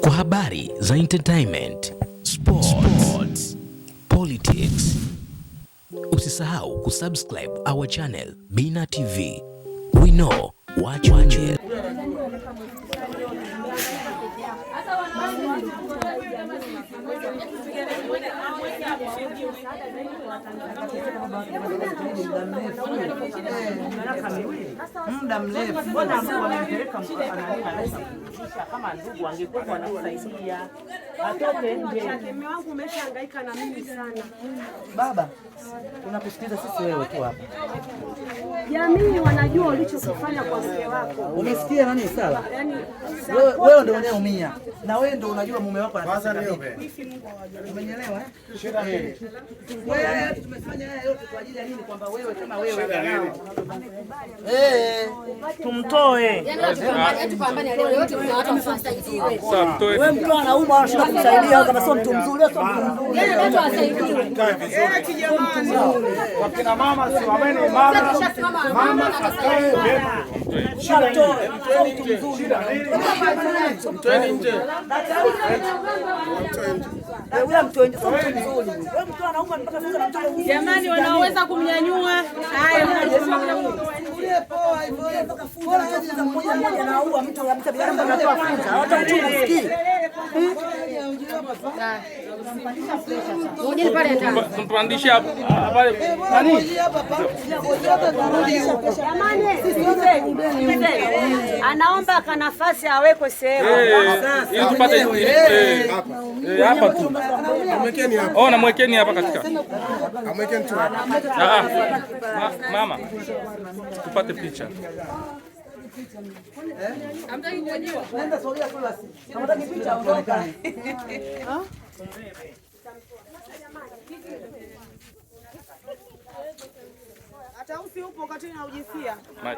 Kwa habari za entertainment, sports, sports, politics, usisahau kusubscribe our channel Bina TV. We know what you need muda mrefu kama ndugu angekuwa anasaidia atoke nje. Mume wangu umeshahangaika na mimi sana. Baba, tunakusikiliza sisi wewe tu hapa. Jamii wanajua ulichokifanya kwa mke wako. Umesikia nani sala? Yaani, wewe ndio unayeumia na wewe ndio unajua mume wako anataka nini. Umenielewa eh? Wewe tumefanya haya yote kwa ajili ya nini? Kwamba wewe kama wewe eh, tumtoe yaani wewe, mtu anauma anashinda kusaidia, kama sio mtu mzuri, sio mtu mzuri, yaani eh, wakina mama simameni imara, mama akae vyema, mtu mzuri, mtoeni nje. Jamani, wanaoweza kumnyanyua haya Mpandishe anaomba ka nafasi awekwe sehemu eh, eh. Eh, hapa tu, namwekeni oh, hapa katika ah, ah, ah. mama tupate picha.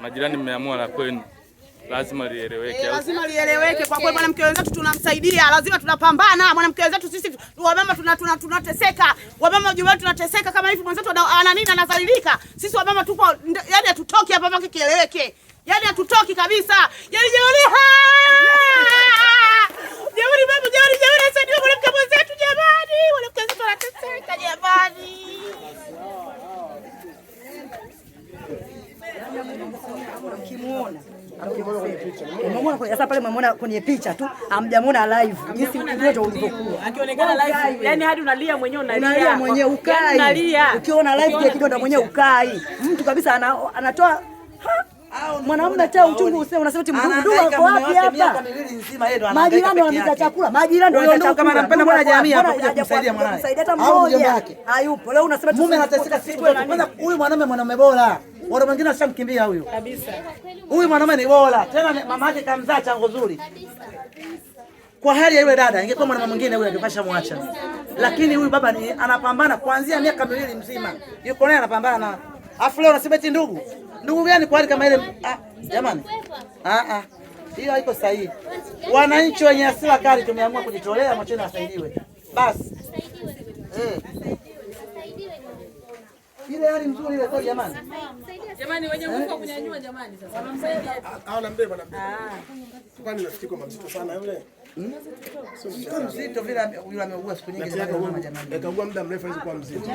Majirani mmeamua la kwenu lazima lieleweke, lazima lieleweke. Kwa kweli mwanamke wenzetu tunamsaidia, lazima tunapambana. Mwanamke wenzetu sisi wamama tunateseka, wamama wajumbe tunateseka kama hivi, mwenzetu ana nini, anadhalilika. Sisi wamama tupo, yani hatutoki hapa mpaka kieleweke yani hatutoki kabisa. Yani jeuri jeuri babu jeuri jeuri, sasa ndio mwanamke mwenzetu jamani, mwanamke mwenzetu anateseka jamani. Sasa pale mmemwona kwenye picha tu, hamjamwona live jinsi ulivyokuwa akionekana live, yani hadi unalia mwenyewe, unalia mwenyewe ukai, yaani ukiona live kidogo mwenyewe ukai, mtu kabisa anatoa mwanaume taa uchungu usema, unasema ti mdudu wako wapi hapa? Majirani wanapika chakula, majirani ndio ndugu. Kama anampenda mwana jamii hapa kuja kumsaidia mwanae, msaidia hata mmoja hayupo. Leo unasema mume anateseka siku yote. Kwanza huyu mwanaume mwanaume bora, wale wengine washamkimbia huyu kabisa. Huyu mwanaume ni bora tena, mama yake kamzaa chango zuri kwa hali ya yule dada, ingekuwa mwanamume mwingine yule angepasha mwacha, lakini huyu baba ni anapambana kuanzia miaka miwili mzima, yuko naye anapambana na Afu leo unasema eti ndugu ndugu gani kwa hali kama ile? Ah, jamani, ah ah, hiyo haiko sahihi. Wananchi wenye hasira kali tumeamua kujitolea, mwacheni asaidiwe. basi. Eh ile hali nzuri ile kwa jamani. Jamani wenye nguvu kunyanyua jamani sasa. Wanamsaidia. Ah, ah, Hao na mbeba na mbeba. Ah. Kwani mzito sana yule. Hmm? Sio mzito vile yule ameugua siku nyingi sana jamani. Akaugua muda mrefu hizo kwa mzito.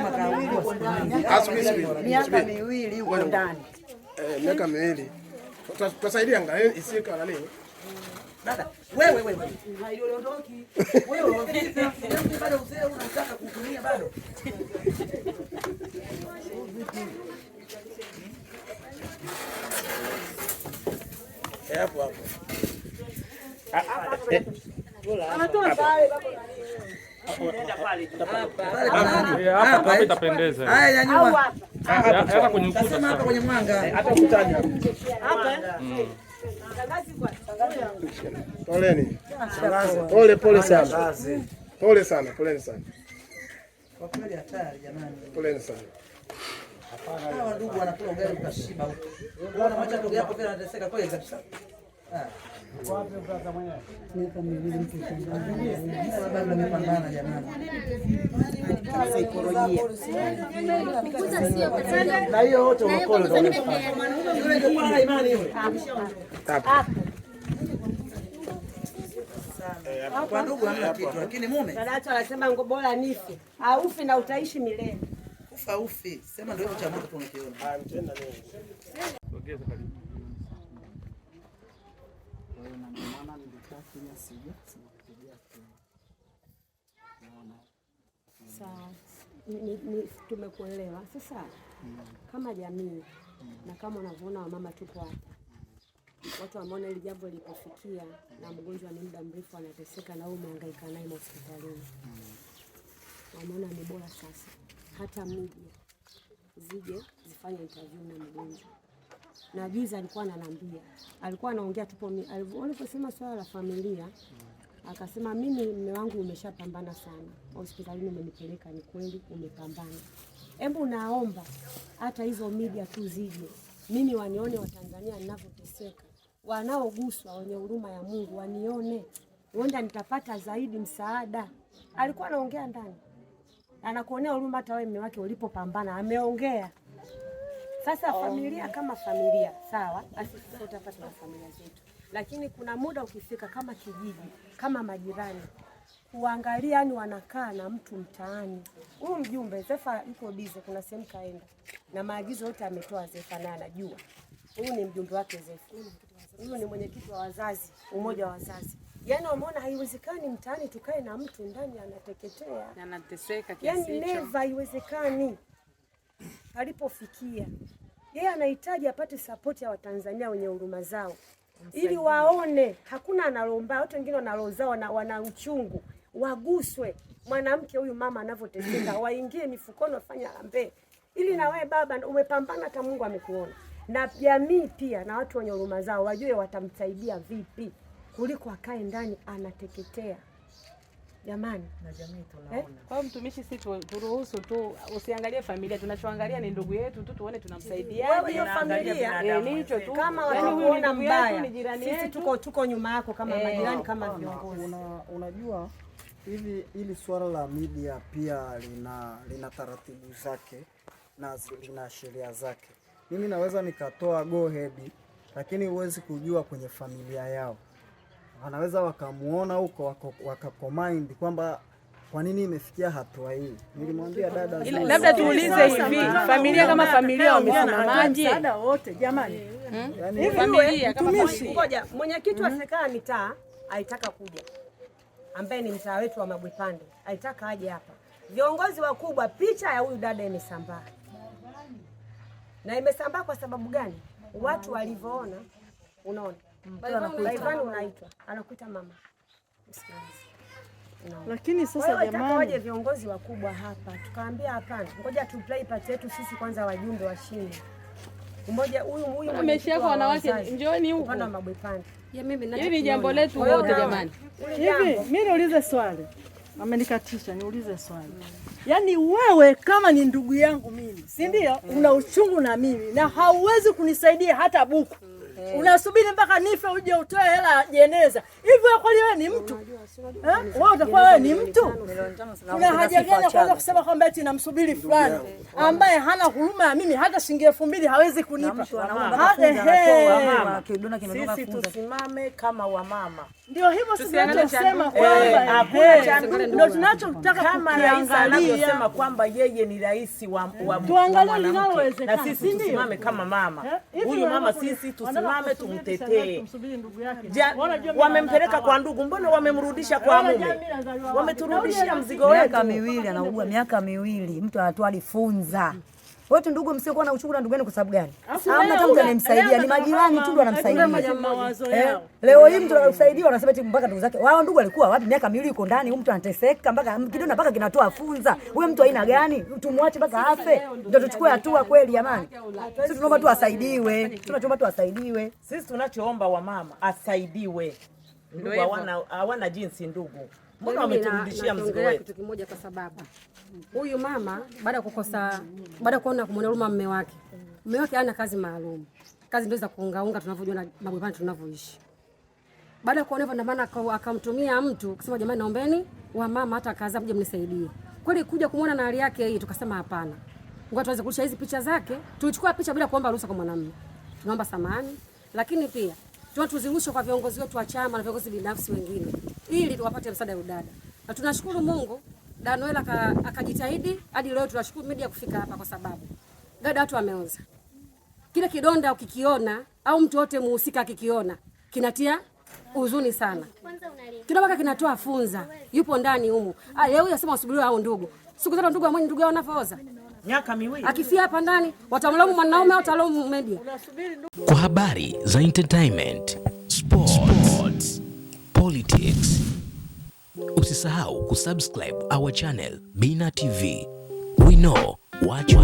Miaka miwili huko ndani. Eh, miaka miwili. Tutasaidia eh, isika na nini? Dada, wewe wewe. Haiondoki. Wewe unataka kutumia bado. Hapa itapendeza. pole sana. Pole sana, poleni sana. Kwa kweli hatari jamani. Poleni sana. Hapana. Hawa ndugu wanakula ugali ukashiba huko. Unaona macho ndugu yako vile anateseka kweli kabisa. Ah. Na hiyo wote unakolo Hapo. Kwa ndugu hamna kitu, lakini mume dada yetu anasema ngo bora nife aufi na utaishi milele. Ufa ufi, sema ndio hicho cha moto tunakiona. Ah, mtenda nini? Sogeza karibu. Sawa, tumekuelewa sasa, mm. kama jamii na kama unavyoona wamama tupo hapa watu wameona hili jambo lilipofikia na mgonjwa ni muda mrefu anateseka na wewe mhangaika naye hospitalini mm. wameona ni bora sasa hata media zije zifanye interview na mgonjwa. Na juzi alikuwa ananiambia, alikuwa anaongea tupo, aliposema swala la familia akasema, mimi mume wangu umeshapambana sana hospitalini, umenipeleka ni kweli, umepambana. Hebu naomba hata hizo media tu zije, mimi wanione Watanzania ninavyoteseka, wanaoguswa wenye huruma ya Mungu wanione, huenda nitapata zaidi msaada. Alikuwa anaongea ndani, anakuonea huruma. Hata wewe mume wake ulipopambana, ameongea sasa. Oh. Familia kama familia, sawa, basi sisi wote familia zetu, lakini kuna muda ukifika, kama kijiji, kama majirani kuangalia yani, wanakaa na mtu mtaani. Huyu mjumbe Zefa yuko bize, kuna sehemu kaenda na maagizo yote ametoa Zefa, naye anajua huyu ni mjumbe wake Zefa huyu ni mwenyekiti wa wazazi, umoja wa wazazi. Yaani wameona haiwezekani mtaani tukae na mtu ndani anateketea anateseka kiasi Yaani neva haiwezekani alipofikia yeye anahitaji apate sapoti ya Watanzania wenye huruma zao ili waone hakuna analomba. Watu wengine wanalozao wana, wana uchungu, waguswe mwanamke huyu mama anavyoteseka, waingie mifukoni, wafanye harambee, ili na wewe baba umepambana, hata Mungu amekuona na jamii pia na watu wenye huruma zao wajue watamsaidia vipi, kuliko akae ndani anateketea. Jamani, na jamii tunaona eh? Kwa mtumishi, si turuhusu tu, usiangalie familia. Tunachoangalia ni ndugu yetu tu, tuone tunamsaidiaje hiyo familia. Eh, yaani ni tu, kama wanakuona mbaya, sisi tuko tuko nyuma yako kama eh. majirani, kama viongozi. Unajua hivi hili swala la media pia lina lina taratibu zake na lina sheria zake mimi naweza nikatoa go ahead, lakini huwezi kujua kwenye familia yao, wanaweza wakamuona huko wakakomind waka kwamba kwa nini imefikia hatua hii. Nilimwambia dada, labda tuulize hivi familia kama familia wamesimamaje? Dada wote jamani, ngoja mwenyekiti wa hmm? serikali ya mitaa aitaka kuja ambaye ni mtaa wetu wa Mabwepande aitaka aje hapa, viongozi wakubwa, picha ya huyu dada imesambaa na imesambaa kwa sababu gani? Watu walivyoona, unaona mm. Laivani unaitwa anakuita mama No. Lakini sasa jamani, waje viongozi wakubwa hapa, tukaambia hapana, ngoja tu play part yetu sisi kwanza, wajumbe washinde. mmoja huyu huyu ameshia kwa wanawake, njooni huko upande wa mabwepande. Mimi yaani na ni jambo letu wote jamani. Hivi mimi nauliza swali Amenikatisha niulize swali Yaani wewe kama ni ndugu yangu mimi, si ndio? Mm, mm. Una uchungu na mimi na hauwezi kunisaidia hata buku mm hey. Eh. Unasubiri mpaka nife uje utoe hela ya jeneza? Hivyo kweli wewe ni mtu eh? wewe, utakuwa wewe ni mtu? Kuna haja gani ya kwanza kusema kwamba eti namsubiri fulani ambaye hana huruma ya mimi, hata shilingi elfu mbili hawezi kunipa? Sisi tusimame kama wamama, ndio hivyo sisi tunachosema kwamba eh, ndio tunachotaka kama anavyosema kwamba yeye ni rais wa tuangalie linalowezekana, na sisi tusimame kama mama, huyu mama sisi tusimame tusimame tumtete, Wamempeleka kwa ndugu, mbona wamemrudisha kwa mume? Wameturudishia mzigo wetu. Miaka miwili anaugua miaka miwili, mtu anatwali funza wote ndugu msiokuwa na uchungu na ndugu yenu kwa sababu gani? Hamna mtu anayemsaidia, ni majirani tu ndio wanamsaidia. Eh, leo hii mtu anakusaidia anasema eti mpaka ndugu zake. Wao ndugu alikuwa wapi miaka miwili yuko ndani, huyu mtu anateseka mpaka kidona mpaka kinatoa funza. Huyo mtu aina gani? Tumwache mpaka afe. Ndio tuchukue hatua kweli jamani. Sisi tunaomba tu asaidiwe. Tunachoomba tu asaidiwe. Sisi tunachoomba wamama asaidiwe. Ndugu hawana jinsi ndugu mbona ameturudishia mzigo wetu? Kitu kimoja, kwa sababu huyu mama baada ya kukosa, baada ya kuona kumwona huruma mume wake, mume wake ana kazi maalum, kazi ndio za kuungaunga tunavyojua na mabwana tunavyoishi. Baada ya kuona hivyo, ndio maana akamtumia mtu kusema, jamani, naombeni wa mama hata kaza mje mnisaidie. Kweli kuja kumwona na hali yake hii, tukasema hapana, ngoja tuanze kurusha hizi picha zake. Tulichukua picha bila kuomba ruhusa kwa mwanamume, tunaomba samani, lakini pia tuzirushe kwa viongozi wetu wa chama na viongozi binafsi wengine ili tuwapate msaada wa dada, na tunashukuru Mungu Danuela akajitahidi hadi leo. Tunashukuru media kufika hapa, kwa sababu dada watu wameoza. kile kidonda, ukikiona au mtu wote muhusika akikiona kinatia huzuni sana, kidoka kinatoa funza, yupo ndani humu. Ah, yeye Leo asema wasubiriwe au ndugu siku zote ndugu amwenye ndugu yao anapooza miaka miwili akifia hapa ndani watamlaumu mwanaume au watalaumu media. Kwa habari za entertainment, sport Politics. Usisahau kusubscribe our channel Bina TV. We know what